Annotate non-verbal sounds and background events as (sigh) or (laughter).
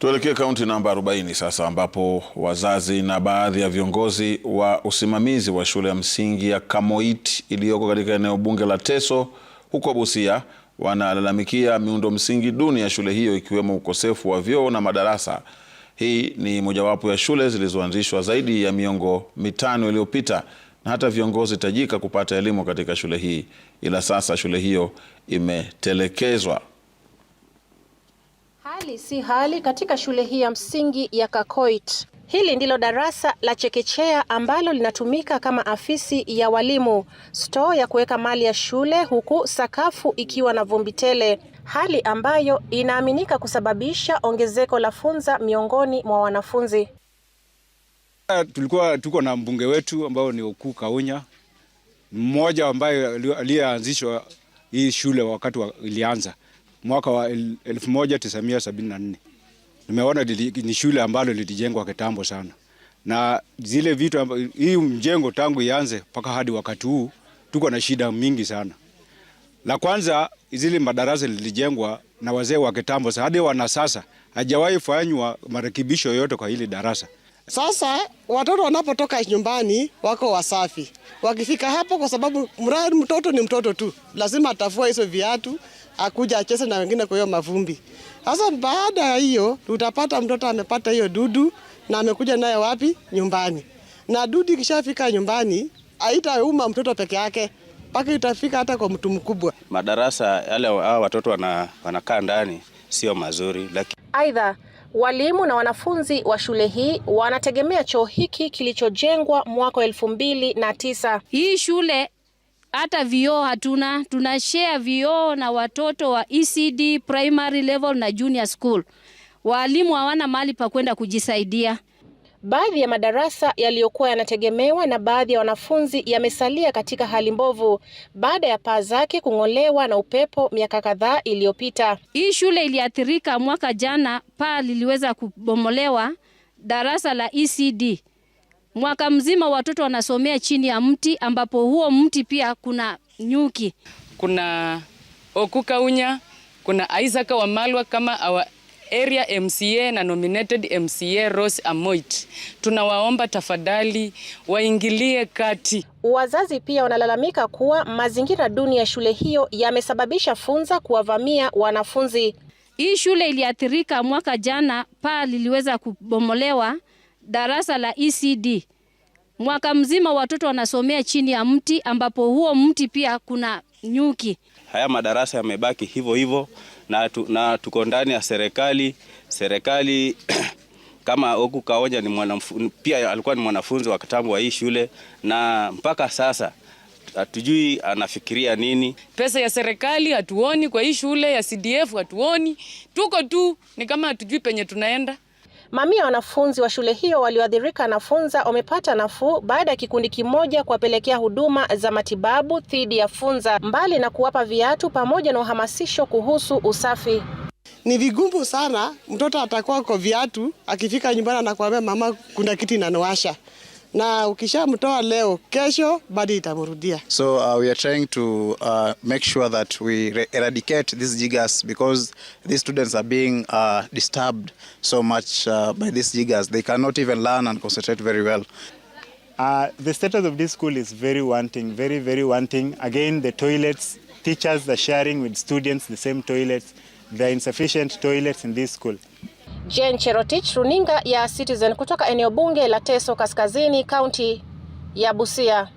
Tuelekee kaunti namba 40 sasa ambapo wazazi na baadhi ya viongozi wa usimamizi wa shule ya msingi ya Kamoit iliyoko katika eneo bunge la Teso huko Busia wanalalamikia miundo msingi duni ya shule hiyo ikiwemo ukosefu wa vyoo na madarasa. Hii ni mojawapo ya shule zilizoanzishwa zaidi ya miongo mitano iliyopita na hata viongozi tajika kupata elimu katika shule hii, ila sasa shule hiyo imetelekezwa. Hali si hali katika shule hii ya msingi ya Kakoit. Hili ndilo darasa la chekechea ambalo linatumika kama afisi ya walimu, store ya kuweka mali ya shule, huku sakafu ikiwa na vumbi tele, hali ambayo inaaminika kusababisha ongezeko la funza miongoni mwa wanafunzi. Ah, tulikuwa tuko na mbunge wetu ambao ni Ukuu Kaunya, mmoja ambaye aliyeanzishwa hii shule wakati wa ilianza mwaka wa 1974. Nimeona ni shule ambalo lilijengwa kitambo sana, na zile vitu hii mjengo tangu ianze mpaka hadi wakati huu tuko na shida mingi sana. La kwanza, zile madarasa lilijengwa na wazee wa kitambo, hadi wana sasa hajawahi fanywa marekebisho yoyote kwa hili darasa. Sasa watoto wanapotoka nyumbani wako wasafi, wakifika hapo, kwa sababu mradi mtoto ni mtoto tu, lazima atafua hizo viatu akuja acheze na wengine kwa hiyo mavumbi. Sasa baada ya hiyo tutapata mtoto amepata hiyo dudu na amekuja naye wapi? Nyumbani. Na dudu ikishafika nyumbani haitauma mtoto peke yake, mpaka itafika hata kwa mtu mkubwa. Madarasa yale hao watoto wanakaa ndani sio mazuri, lakini aidha Walimu na wanafunzi wa shule hii wanategemea choo hiki kilichojengwa mwaka elfu mbili na tisa. Hii shule hata vioo hatuna, tunashea vioo na watoto wa ECD primary level na junior school. Walimu hawana mali pa kwenda kujisaidia. Baadhi ya madarasa yaliyokuwa yanategemewa na baadhi ya wanafunzi yamesalia katika hali mbovu baada ya paa zake kung'olewa na upepo miaka kadhaa iliyopita. Hii shule iliathirika mwaka jana, paa liliweza kubomolewa darasa la ECD. Mwaka mzima watoto wanasomea chini ya mti, ambapo huo mti pia kuna nyuki. Kuna Okuka Unya, kuna Isaac Wamalwa kama awa area MCA na nominated MCA Rose Amoit, tunawaomba tafadhali waingilie kati. Wazazi pia wanalalamika kuwa mazingira duni ya shule hiyo yamesababisha funza kuwavamia wanafunzi. Hii shule iliathirika mwaka jana, paa liliweza kubomolewa darasa la ECD. Mwaka mzima watoto wanasomea chini ya mti ambapo huo mti pia kuna nyuki. Haya madarasa yamebaki hivyo hivyo na, tu, na tuko ndani ya serikali serikali (clears throat) kama huku Kaonja ni mwanafunzi, pia alikuwa ni mwanafunzi wa kitambo wa hii shule, na mpaka sasa hatujui anafikiria nini. Pesa ya serikali hatuoni, kwa hii shule ya CDF hatuoni, tuko tu ni kama hatujui penye tunaenda. Mamia wanafunzi wa shule hiyo walioathirika na funza wamepata nafuu baada ya kikundi kimoja kuwapelekea huduma za matibabu dhidi ya funza, mbali na kuwapa viatu pamoja na uhamasisho kuhusu usafi. Ni vigumu sana, mtoto atakuwa kwa viatu, akifika nyumbani anakuambia mama, kuna kitu inanowasha na ukishamtoa leo, kesho bado itamrudia. So uh, we are trying to uh, make sure that we eradicate these jiggers because these students are being uh, disturbed so much uh, by these jiggers. They cannot even learn and concentrate very well. Uh, the status of this school is very wanting, very, very wanting. Again, the toilets, teachers are sharing with students the same toilets. There are insufficient toilets in this school. Jane Cherotich, runinga ya Citizen kutoka eneo bunge la Teso Kaskazini, kaunti ya Busia.